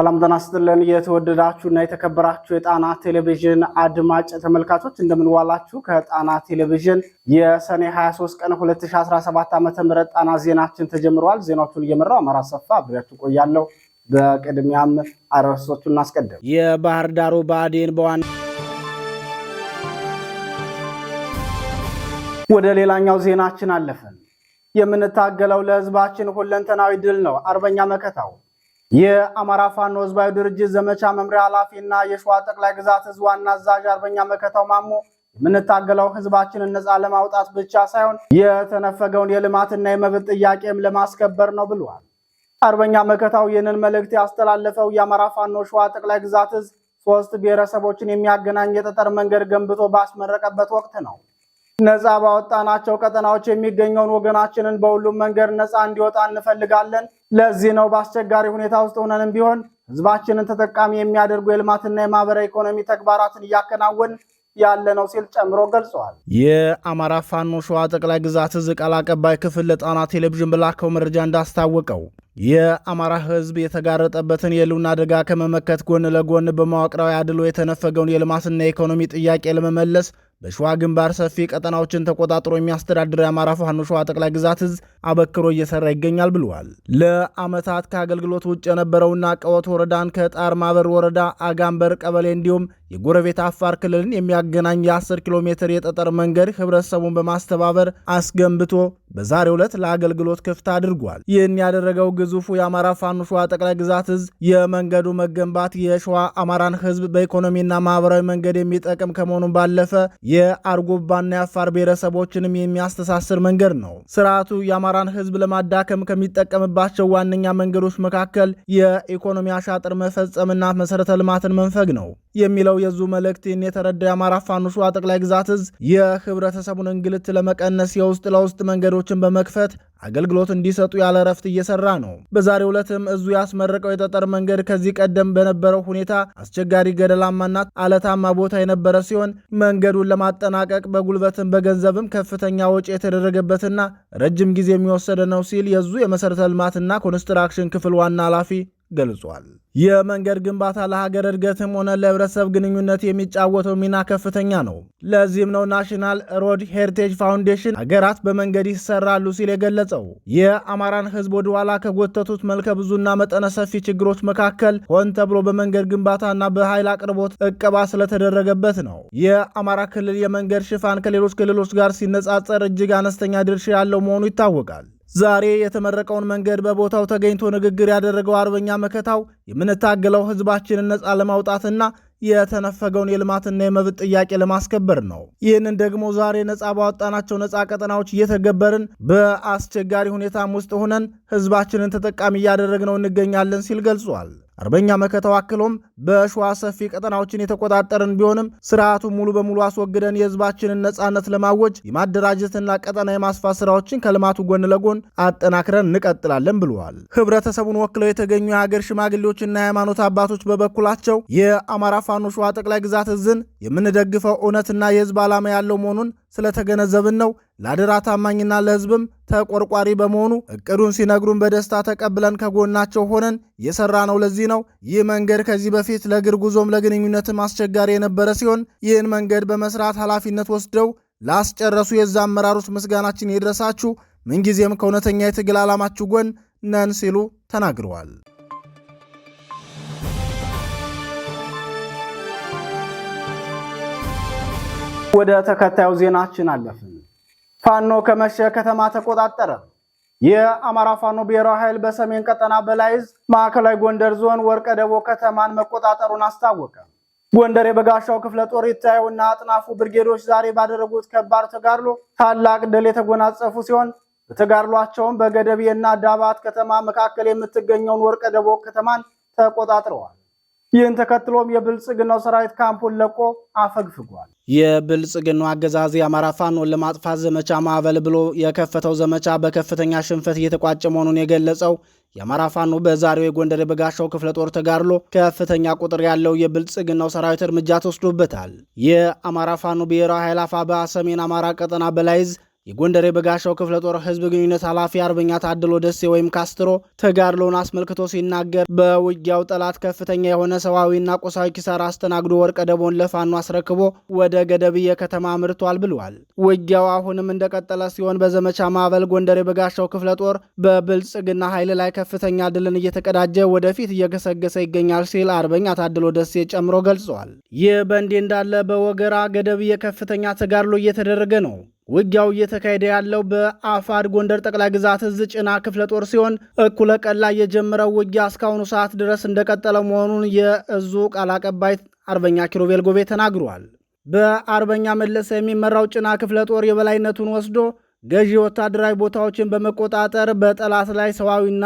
ሰላም ጤና ይስጥልን። የተወደዳችሁና የተከበራችሁ የጣና ቴሌቪዥን አድማጭ ተመልካቾች እንደምንዋላችሁ። ከጣና ቴሌቪዥን የሰኔ 23 ቀን 2017 ዓ.ም ጣና ዜናችን ተጀምረዋል። ዜናዎቹን እየመራው አማራ ሰፋ አብሬያችሁ ቆያለሁ። በቅድሚያም አርዕስቶቹን እናስቀድም። የባህር ዳሩ ብአዴን በዋና ወደ ሌላኛው ዜናችን አለፍን። የምንታገለው ለህዝባችን ሁለንተናዊ ድል ነው። አርበኛ መከታው የአማራ ፋኖ ህዝባዊ ድርጅት ዘመቻ መምሪያ ኃላፊ እና የሸዋ ጠቅላይ ግዛት ህዝብ ዋና አዛዥ አርበኛ መከታው ማሞ የምንታገለው ህዝባችንን ነፃ ለማውጣት ብቻ ሳይሆን የተነፈገውን የልማትና የመብት ጥያቄም ለማስከበር ነው ብለዋል። አርበኛ መከታው ይህንን መልእክት ያስተላለፈው የአማራ ፋኖ ሸዋ ጠቅላይ ግዛት ህዝብ ሶስት ብሔረሰቦችን የሚያገናኝ የጠጠር መንገድ ገንብቶ ባስመረቀበት ወቅት ነው። ነፃ ባወጣናቸው ቀጠናዎች የሚገኘውን ወገናችንን በሁሉም መንገድ ነፃ እንዲወጣ እንፈልጋለን ለዚህ ነው በአስቸጋሪ ሁኔታ ውስጥ ሆነንም ቢሆን ህዝባችንን ተጠቃሚ የሚያደርጉ የልማትና የማህበራዊ ኢኮኖሚ ተግባራትን እያከናወን ያለ ነው ሲል ጨምሮ ገልጸዋል። የአማራ ፋኖ ሸዋ ጠቅላይ ግዛት እዝ ቃል አቀባይ ክፍል ለጣና ቴሌቪዥን በላከው መረጃ እንዳስታወቀው የአማራ ህዝብ የተጋረጠበትን የህልውና አደጋ ከመመከት ጎን ለጎን በመዋቅራዊ አድሎ የተነፈገውን የልማትና የኢኮኖሚ ጥያቄ ለመመለስ በሸዋ ግንባር ሰፊ ቀጠናዎችን ተቆጣጥሮ የሚያስተዳድር የአማራ ፋኖ ሸዋ ጠቅላይ ግዛት እዝ አበክሮ እየሰራ ይገኛል ብለዋል። ለአመታት ከአገልግሎት ውጭ የነበረውና ቀወት ወረዳን ከጣር ማበር ወረዳ አጋምበር ቀበሌ እንዲሁም የጎረቤት አፋር ክልልን የሚያገናኝ የ10 ኪሎ ሜትር የጠጠር መንገድ ህብረተሰቡን በማስተባበር አስገንብቶ በዛሬው ዕለት ለአገልግሎት ክፍት አድርጓል። ይህን ያደረገው ግዙፉ የአማራ ፋኖ ሸዋ ጠቅላይ ግዛት እዝ የመንገዱ መገንባት የሸዋ አማራን ህዝብ በኢኮኖሚና ማህበራዊ መንገድ የሚጠቅም ከመሆኑን ባለፈ የአርጎባና የአፋር ብሔረሰቦችንም የሚያስተሳስር መንገድ ነው። ስርዓቱ የአማራን ህዝብ ለማዳከም ከሚጠቀምባቸው ዋነኛ መንገዶች መካከል የኢኮኖሚ አሻጥር መፈጸምና መሰረተ ልማትን መንፈግ ነው የሚለው የዙ መልእክትን የተረዳ የአማራ ፋኖ ሸዋ ጠቅላይ ግዛት እዝ የህብረተሰቡን እንግልት ለመቀነስ የውስጥ ለውስጥ መንገዶችን በመክፈት አገልግሎት እንዲሰጡ ያለ እረፍት እየሰራ ነው። በዛሬው ዕለትም እዙ ያስመረቀው የጠጠር መንገድ ከዚህ ቀደም በነበረው ሁኔታ አስቸጋሪ ገደላማና አለታማ ቦታ የነበረ ሲሆን መንገዱን ለማጠናቀቅ በጉልበትም በገንዘብም ከፍተኛ ወጪ የተደረገበትና ረጅም ጊዜ የሚወሰደ ነው ሲል የዙ የመሠረተ ልማትና ኮንስትራክሽን ክፍል ዋና ኃላፊ ገልጿል። የመንገድ ግንባታ ለሀገር እድገትም ሆነ ለህብረተሰብ ግንኙነት የሚጫወተው ሚና ከፍተኛ ነው። ለዚህም ነው ናሽናል ሮድ ሄሪቴጅ ፋውንዴሽን ሀገራት በመንገድ ይሰራሉ ሲል የገለጸው። የአማራን ህዝብ ኋላ ከጎተቱት መልከ ብዙና መጠነ ሰፊ ችግሮች መካከል ሆን ተብሎ በመንገድ ግንባታና በኃይል አቅርቦት እቀባ ስለተደረገበት ነው። የአማራ ክልል የመንገድ ሽፋን ከሌሎች ክልሎች ጋር ሲነጻጸር እጅግ አነስተኛ ድርሻ ያለው መሆኑ ይታወቃል። ዛሬ የተመረቀውን መንገድ በቦታው ተገኝቶ ንግግር ያደረገው አርበኛ መከታው የምንታገለው ህዝባችንን ነፃ ለማውጣትና የተነፈገውን የልማትና የመብት ጥያቄ ለማስከበር ነው። ይህንን ደግሞ ዛሬ ነፃ ባወጣናቸው ነፃ ቀጠናዎች እየተገበርን በአስቸጋሪ ሁኔታም ውስጥ ሆነን ህዝባችንን ተጠቃሚ እያደረግነው እንገኛለን ሲል ገልጿል። አርበኛ መከታው አክሎም በሸዋ ሰፊ ቀጠናዎችን የተቆጣጠርን ቢሆንም ስርዓቱ ሙሉ በሙሉ አስወግደን የህዝባችንን ነጻነት ለማወጅ የማደራጀትና ቀጠና የማስፋት ስራዎችን ከልማቱ ጎን ለጎን አጠናክረን እንቀጥላለን ብለዋል። ህብረተሰቡን ወክለው የተገኙ የሀገር ሽማግሌዎችና የሃይማኖት አባቶች በበኩላቸው የአማራ ፋኖ ሸዋ ጠቅላይ ግዛት እዝን የምንደግፈው እውነትና የህዝብ ዓላማ ያለው መሆኑን ስለተገነዘብን ነው። ለአደራ ታማኝና ለህዝብም ተቆርቋሪ በመሆኑ እቅዱን ሲነግሩን በደስታ ተቀብለን ከጎናቸው ሆነን የሰራ ነው። ለዚህ ነው ይህ መንገድ ከዚህ በፊት ለእግር ጉዞም ለግንኙነትም አስቸጋሪ የነበረ ሲሆን ይህን መንገድ በመስራት ኃላፊነት ወስደው ላስጨረሱ የዛ አመራሮች ምስጋናችን ይድረሳችሁ፣ ምንጊዜም ከእውነተኛ የትግል ዓላማችሁ ጎን ነን ሲሉ ተናግረዋል። ወደ ተከታዩ ዜናችን አለፍን። ፋኖ ከመሸ ከተማ ተቆጣጠረ። የአማራ ፋኖ ብሔራዊ ኃይል በሰሜን ቀጠና በላይዝ ማዕከላዊ ጎንደር ዞን ወርቀ ደቦ ከተማን መቆጣጠሩን አስታወቀ። ጎንደር የበጋሻው ክፍለ ጦር ይታየውና አጥናፉ ብርጌዶች ዛሬ ባደረጉት ከባድ ተጋድሎ ታላቅ ድል የተጎናጸፉ ሲሆን በተጋድሏቸውም በገደቤና ዳባት ከተማ መካከል የምትገኘውን ወርቀ ደቦ ከተማን ተቆጣጥረዋል። ይህን ተከትሎም የብልጽግናው ሰራዊት ካምፑን ለቆ አፈግፍጓል። የብልጽግናው አገዛዝ የአማራ ፋኖን ለማጥፋት ዘመቻ ማዕበል ብሎ የከፈተው ዘመቻ በከፍተኛ ሽንፈት እየተቋጨ መሆኑን የገለጸው የአማራ ፋኖ በዛሬው የጎንደር የበጋሻው ክፍለ ጦር ተጋድሎ ከፍተኛ ቁጥር ያለው የብልጽግናው ሰራዊት እርምጃ ተወስዶበታል። የአማራ ፋኖ ብሔራዊ ኃይል አፋ በሰሜን አማራ ቀጠና በላይዝ የጎንደር የበጋሻው ክፍለ ጦር ህዝብ ግንኙነት ኃላፊ አርበኛ ታድሎ ደሴ ወይም ካስትሮ ተጋድሎውን አስመልክቶ ሲናገር በውጊያው ጠላት ከፍተኛ የሆነ ሰዋዊና ቁሳዊ ኪሳራ አስተናግዶ ወርቀ ደቦን ለፋኖ አስረክቦ ወደ ገደብዬ ከተማ አምርቷል ብለዋል። ውጊያው አሁንም እንደቀጠለ ሲሆን በዘመቻ ማዕበል ጎንደር የበጋሻው ክፍለ ጦር በብልጽግና ኃይል ላይ ከፍተኛ ድልን እየተቀዳጀ ወደፊት እየገሰገሰ ይገኛል ሲል አርበኛ ታድሎ ደሴ ጨምሮ ገልጸዋል። ይህ በእንዲህ እንዳለ በወገራ ገደብዬ ከፍተኛ ተጋድሎ እየተደረገ ነው። ውጊያው እየተካሄደ ያለው በአፋድ ጎንደር ጠቅላይ ግዛት እዝ ጭና ክፍለ ጦር ሲሆን እኩለ ቀን ላይ የጀመረው ውጊያ እስካሁኑ ሰዓት ድረስ እንደቀጠለ መሆኑን የእዙ ቃል አቀባይ አርበኛ ኪሮቤል ጎቤ ተናግሯል። በአርበኛ መለሰ የሚመራው ጭና ክፍለ ጦር የበላይነቱን ወስዶ ገዢ ወታደራዊ ቦታዎችን በመቆጣጠር በጠላት ላይ ሰዋዊና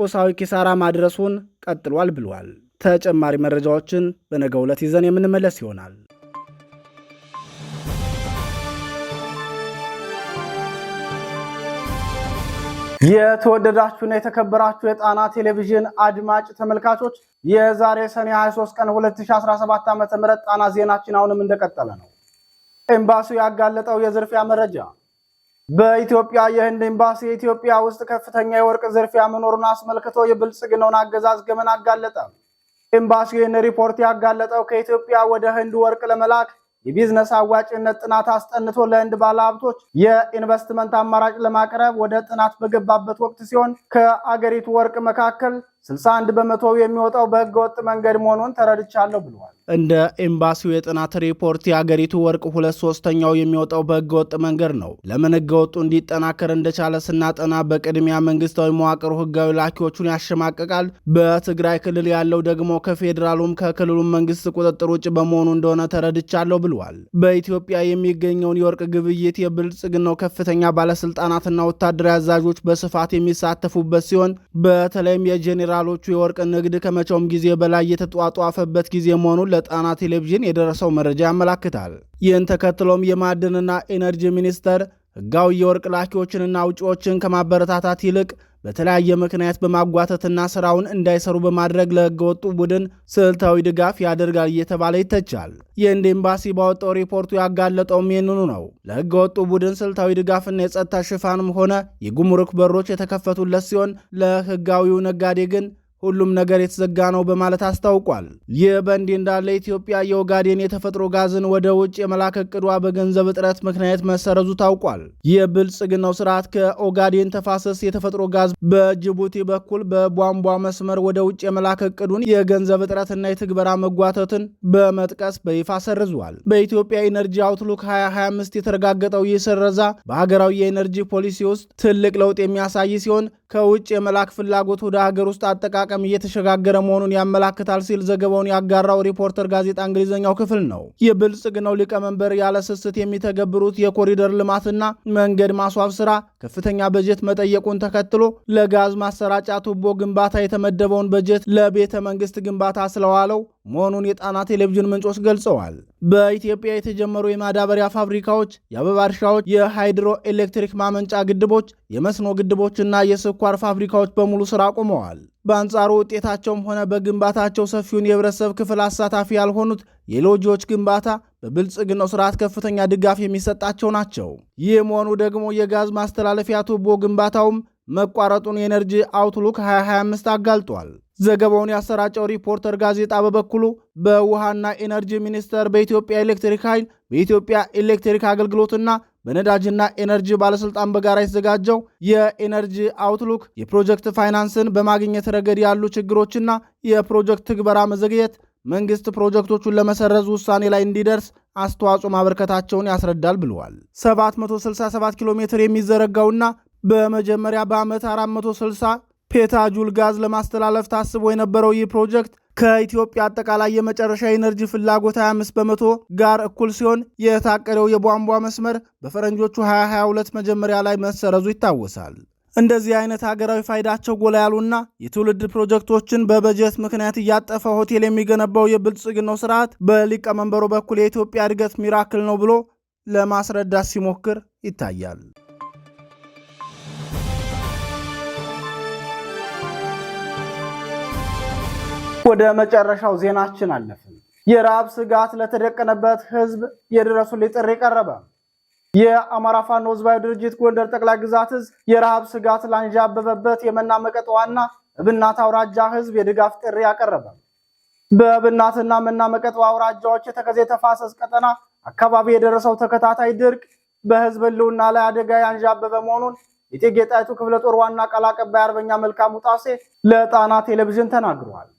ቁሳዊ ኪሳራ ማድረሱን ቀጥሏል ብሏል። ተጨማሪ መረጃዎችን በነገው ዕለት ይዘን የምንመለስ ይሆናል። የተወደዳችሁና የተከበራችሁ የጣና ቴሌቪዥን አድማጭ ተመልካቾች የዛሬ ሰኔ 23 ቀን 2017 ዓ.ም ጣና ዜናችን አሁንም እንደቀጠለ ነው። ኤምባሲው ያጋለጠው የዝርፊያ መረጃ በኢትዮጵያ የህንድ ኤምባሲ ኢትዮጵያ ውስጥ ከፍተኛ የወርቅ ዝርፊያ መኖሩን አስመልክቶ የብልጽግናውን አገዛዝ ገመን አጋለጠ። ኤምባሲ ይህን ሪፖርት ያጋለጠው ከኢትዮጵያ ወደ ህንድ ወርቅ ለመላክ የቢዝነስ አዋጭነት ጥናት አስጠንቶ ለህንድ ባለሀብቶች የኢንቨስትመንት አማራጭ ለማቅረብ ወደ ጥናት በገባበት ወቅት ሲሆን ከአገሪቱ ወርቅ መካከል 61 በመቶ የሚወጣው በህገ ወጥ መንገድ መሆኑን ተረድቻለሁ ብለዋል። እንደ ኤምባሲው የጥናት ሪፖርት የአገሪቱ ወርቅ ሁለት ሶስተኛው የሚወጣው በህገ ወጥ መንገድ ነው። ለምን ህገ ወጡ እንዲጠናከር እንደቻለ ስናጠና በቅድሚያ መንግስታዊ መዋቅሩ ህጋዊ ላኪዎቹን ያሸማቅቃል። በትግራይ ክልል ያለው ደግሞ ከፌዴራሉም ከክልሉም መንግስት ቁጥጥር ውጭ በመሆኑ እንደሆነ ተረድቻለሁ ብለዋል። በኢትዮጵያ የሚገኘውን የወርቅ ግብይት የብልጽግናው ከፍተኛ ባለስልጣናትና ወታደራዊ አዛዦች በስፋት የሚሳተፉበት ሲሆን በተለይም የጄኔራል ጄኔራሎቹ የወርቅ ንግድ ከመቼውም ጊዜ በላይ የተጧጧፈበት ጊዜ መሆኑን ለጣና ቴሌቪዥን የደረሰው መረጃ ያመላክታል። ይህን ተከትሎም የማዕድንና ኢነርጂ ሚኒስቴር ህጋዊ የወርቅ ላኪዎችንና ውጪዎችን ከማበረታታት ይልቅ በተለያየ ምክንያት በማጓተትና ስራውን እንዳይሰሩ በማድረግ ለህገወጡ ቡድን ስልታዊ ድጋፍ ያደርጋል እየተባለ ይተቻል። የህንድ ኤምባሲ ባወጣው ሪፖርቱ ያጋለጠውም ይህንኑ ነው። ለህገወጡ ቡድን ስልታዊ ድጋፍና የጸጥታ ሽፋንም ሆነ የጉምሩክ በሮች የተከፈቱለት ሲሆን ለህጋዊው ነጋዴ ግን ሁሉም ነገር የተዘጋ ነው በማለት አስታውቋል። ይህ በእንዲህ እንዳለ ኢትዮጵያ የኦጋዴን የተፈጥሮ ጋዝን ወደ ውጭ የመላክ እቅዷ በገንዘብ እጥረት ምክንያት መሰረዙ ታውቋል። የብልጽግናው ስርዓት ከኦጋዴን ተፋሰስ የተፈጥሮ ጋዝ በጅቡቲ በኩል በቧንቧ መስመር ወደ ውጭ የመላክ እቅዱን የገንዘብ እጥረትና የትግበራ መጓተትን በመጥቀስ በይፋ ሰርዟል። በኢትዮጵያ ኢነርጂ አውትሉክ 2025 የተረጋገጠው ይህ ስረዛ በሀገራዊ የኢነርጂ ፖሊሲ ውስጥ ትልቅ ለውጥ የሚያሳይ ሲሆን ከውጭ የመላክ ፍላጎት ወደ ሀገር ውስጥ አጠቃቀም እየተሸጋገረ መሆኑን ያመላክታል ሲል ዘገባውን ያጋራው ሪፖርተር ጋዜጣ እንግሊዝኛው ክፍል ነው። የብልጽግናው ሊቀመንበር ያለ ስስት የሚተገብሩት የኮሪደር ልማትና መንገድ ማስዋብ ስራ ከፍተኛ በጀት መጠየቁን ተከትሎ ለጋዝ ማሰራጫ ቱቦ ግንባታ የተመደበውን በጀት ለቤተ መንግስት ግንባታ ስለዋለው መሆኑን የጣና ቴሌቪዥን ምንጮች ገልጸዋል። በኢትዮጵያ የተጀመሩ የማዳበሪያ ፋብሪካዎች፣ የአበባ እርሻዎች፣ የሃይድሮ ኤሌክትሪክ ማመንጫ ግድቦች፣ የመስኖ ግድቦችና የስኳር ፋብሪካዎች በሙሉ ስራ ቆመዋል። በአንጻሩ ውጤታቸውም ሆነ በግንባታቸው ሰፊውን የህብረተሰብ ክፍል አሳታፊ ያልሆኑት የሎጂዎች ግንባታ በብልጽግናው ስርዓት ከፍተኛ ድጋፍ የሚሰጣቸው ናቸው። ይህ መሆኑ ደግሞ የጋዝ ማስተላለፊያ ቱቦ ግንባታውም መቋረጡን የኤነርጂ አውትሉክ 2025 አጋልጧል። ዘገባውን ያሰራጨው ሪፖርተር ጋዜጣ በበኩሉ በውሃና ኤነርጂ ሚኒስቴር፣ በኢትዮጵያ ኤሌክትሪክ ኃይል፣ በኢትዮጵያ ኤሌክትሪክ አገልግሎትና በነዳጅና ኤነርጂ ባለስልጣን በጋራ የተዘጋጀው የኤነርጂ አውትሉክ የፕሮጀክት ፋይናንስን በማግኘት ረገድ ያሉ ችግሮችና የፕሮጀክት ትግበራ መዘግየት መንግስት ፕሮጀክቶቹን ለመሰረዝ ውሳኔ ላይ እንዲደርስ አስተዋጽኦ ማበርከታቸውን ያስረዳል ብለዋል። 767 ኪሎ ሜትር የሚዘረጋውና በመጀመሪያ በዓመት 460 ፔታጁል ጋዝ ለማስተላለፍ ታስቦ የነበረው ይህ ፕሮጀክት ከኢትዮጵያ አጠቃላይ የመጨረሻ ኤነርጂ ፍላጎት 25 በመቶ ጋር እኩል ሲሆን የታቀደው የቧንቧ መስመር በፈረንጆቹ 2022 መጀመሪያ ላይ መሰረዙ ይታወሳል። እንደዚህ አይነት ሀገራዊ ፋይዳቸው ጎላ ያሉና የትውልድ ፕሮጀክቶችን በበጀት ምክንያት እያጠፈ ሆቴል የሚገነባው የብልጽግናው ስርዓት በሊቀመንበሩ በኩል የኢትዮጵያ እድገት ሚራክል ነው ብሎ ለማስረዳት ሲሞክር ይታያል። ወደ መጨረሻው ዜናችን አለፍን። የረሃብ ስጋት ለተደቀነበት ህዝብ የድረሱልኝ ጥሪ ቀረበ። የአማራ ፋኖ ህዝባዊ ድርጅት ጎንደር ጠቅላይ ግዛት እዝ የረሃብ ስጋት ላንዣበበበት የመናመቀጥ ዋና እብናት አውራጃ ህዝብ የድጋፍ ጥሪ አቀረበ። በእብናትና መናመቀጥ አውራጃዎች የተከዜ ተፋሰስ ቀጠና አካባቢ የደረሰው ተከታታይ ድርቅ በህዝብ ህልውና ላይ አደጋ ያንዣበበ መሆኑን የጤጌ ጣይቱ ክፍለ ጦር ዋና ቃል አቀባይ አርበኛ መልካሙ ጣሴ ለጣና ቴሌቪዥን ተናግረዋል።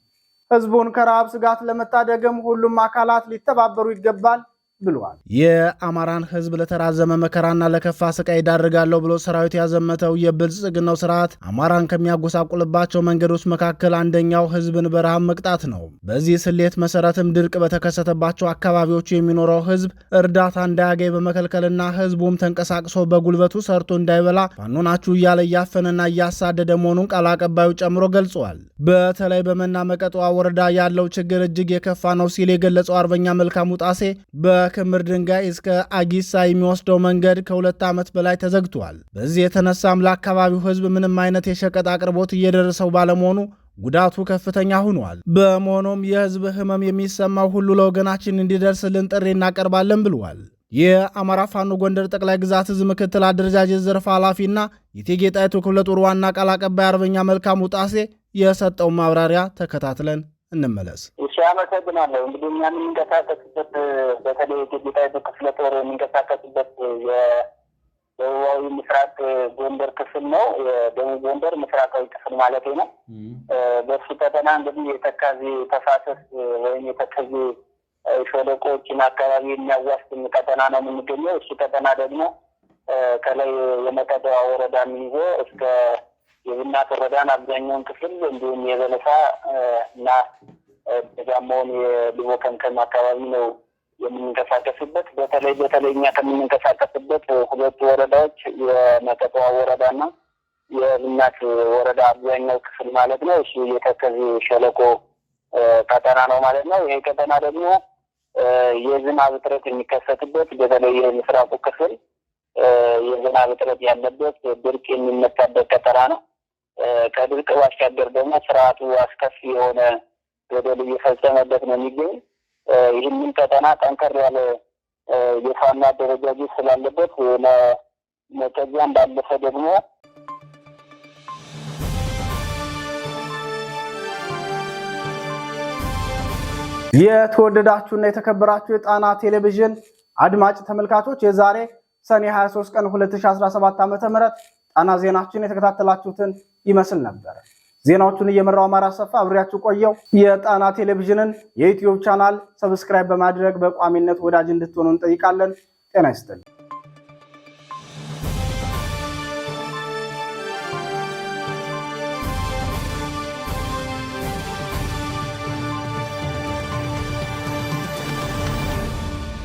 ህዝቡን ከረሃብ ስጋት ለመታደግም ሁሉም አካላት ሊተባበሩ ይገባል። ብለዋል። የአማራን ህዝብ ለተራዘመ መከራና ለከፋ ስቃይ ይዳርጋለሁ ብሎ ሰራዊት ያዘመተው የብልጽግናው ስርዓት አማራን ከሚያጎሳቁልባቸው መንገዶች መካከል አንደኛው ህዝብን በረሃብ መቅጣት ነው። በዚህ ስሌት መሰረትም ድርቅ በተከሰተባቸው አካባቢዎች የሚኖረው ህዝብ እርዳታ እንዳያገኝ በመከልከልና ህዝቡም ተንቀሳቅሶ በጉልበቱ ሰርቶ እንዳይበላ ፋኖናችሁ እያለ እያፈነና እያሳደደ መሆኑን ቃል አቀባዩ ጨምሮ ገልጿል። በተለይ በመና መቀጠዋ ወረዳ ያለው ችግር እጅግ የከፋ ነው ሲል የገለጸው አርበኛ መልካሙ ጣሴ በ ከክምር ድንጋይ እስከ አጊሳ የሚወስደው መንገድ ከሁለት ዓመት በላይ ተዘግቷል። በዚህ የተነሳም ለአካባቢው ሕዝብ ምንም አይነት የሸቀጥ አቅርቦት እየደረሰው ባለመሆኑ ጉዳቱ ከፍተኛ ሆኗል። በመሆኑም የህዝብ ህመም የሚሰማው ሁሉ ለወገናችን እንዲደርስልን ጥሪ እናቀርባለን ብለዋል። የአማራ ፋኖ ጎንደር ጠቅላይ ግዛት ህዝብ ምክትል አደረጃጀት ዘርፍ ኃላፊና የእቴጌ ጣይቱ ክፍለ ጦር ዋና ቃል አቀባይ አርበኛ መልካሙ ጣሴ የሰጠውን ማብራሪያ ተከታትለን እንመለስ። እሺ አመሰግናለሁ። እንግዲህ እኛ የምንቀሳቀስበት በተለይ የጌታዬ ክፍለ ጦር የሚንቀሳቀስበት የደቡባዊ ምስራቅ ጎንደር ክፍል ነው። የደቡብ ጎንደር ምስራቃዊ ክፍል ማለት ነው። በሱ ቀጠና እንግዲህ የተካዚ ተፋሰስ ወይም የተከዚ ሸለቆዎችን አካባቢ የሚያዋስን ቀጠና ነው የምንገኘው። እሱ ቀጠና ደግሞ ከላይ የመጠደዋ ወረዳን ይዞ እስከ የቡና ወረዳን አብዛኛውን ክፍል እንዲሁም የበለሳ እና ደጋማውን የልቦ ከንከም አካባቢ ነው የምንንቀሳቀስበት። በተለይ በተለይ እኛ ከምንንቀሳቀስበት ሁለቱ ወረዳዎች የመቀጠዋ ወረዳና የልናት ወረዳ አብዛኛው ክፍል ማለት ነው። እሱ የተከዜ ሸለቆ ቀጠና ነው ማለት ነው። ይሄ ቀጠና ደግሞ የዝናብ እጥረት የሚከሰትበት በተለይ የምስራቁ ክፍል የዝናብ እጥረት ያለበት ድርቅ የሚመታበት ቀጠና ነው። ከድርቅ ባሻገር ደግሞ ስርዓቱ አስከፊ የሆነ ገደል እየፈጸመበት ነው የሚገኝ። ይህንን ቀጠና ጠንከር ያለ የፋና አደረጃጀት ስላለበት ከዚያም ባለፈ ደግሞ የተወደዳችሁና የተከበራችሁ የጣና ቴሌቪዥን አድማጭ ተመልካቾች የዛሬ ሰኔ 23 ቀን 2017 ም ጣና ዜናችን የተከታተላችሁትን ይመስል ነበር። ዜናዎቹን እየመራው አማራ ሰፋ አብሬያችሁ ቆየው። የጣና ቴሌቪዥንን የዩትዩብ ቻናል ሰብስክራይብ በማድረግ በቋሚነት ወዳጅ እንድትሆኑ እንጠይቃለን። ጤና ይስጥልኝ።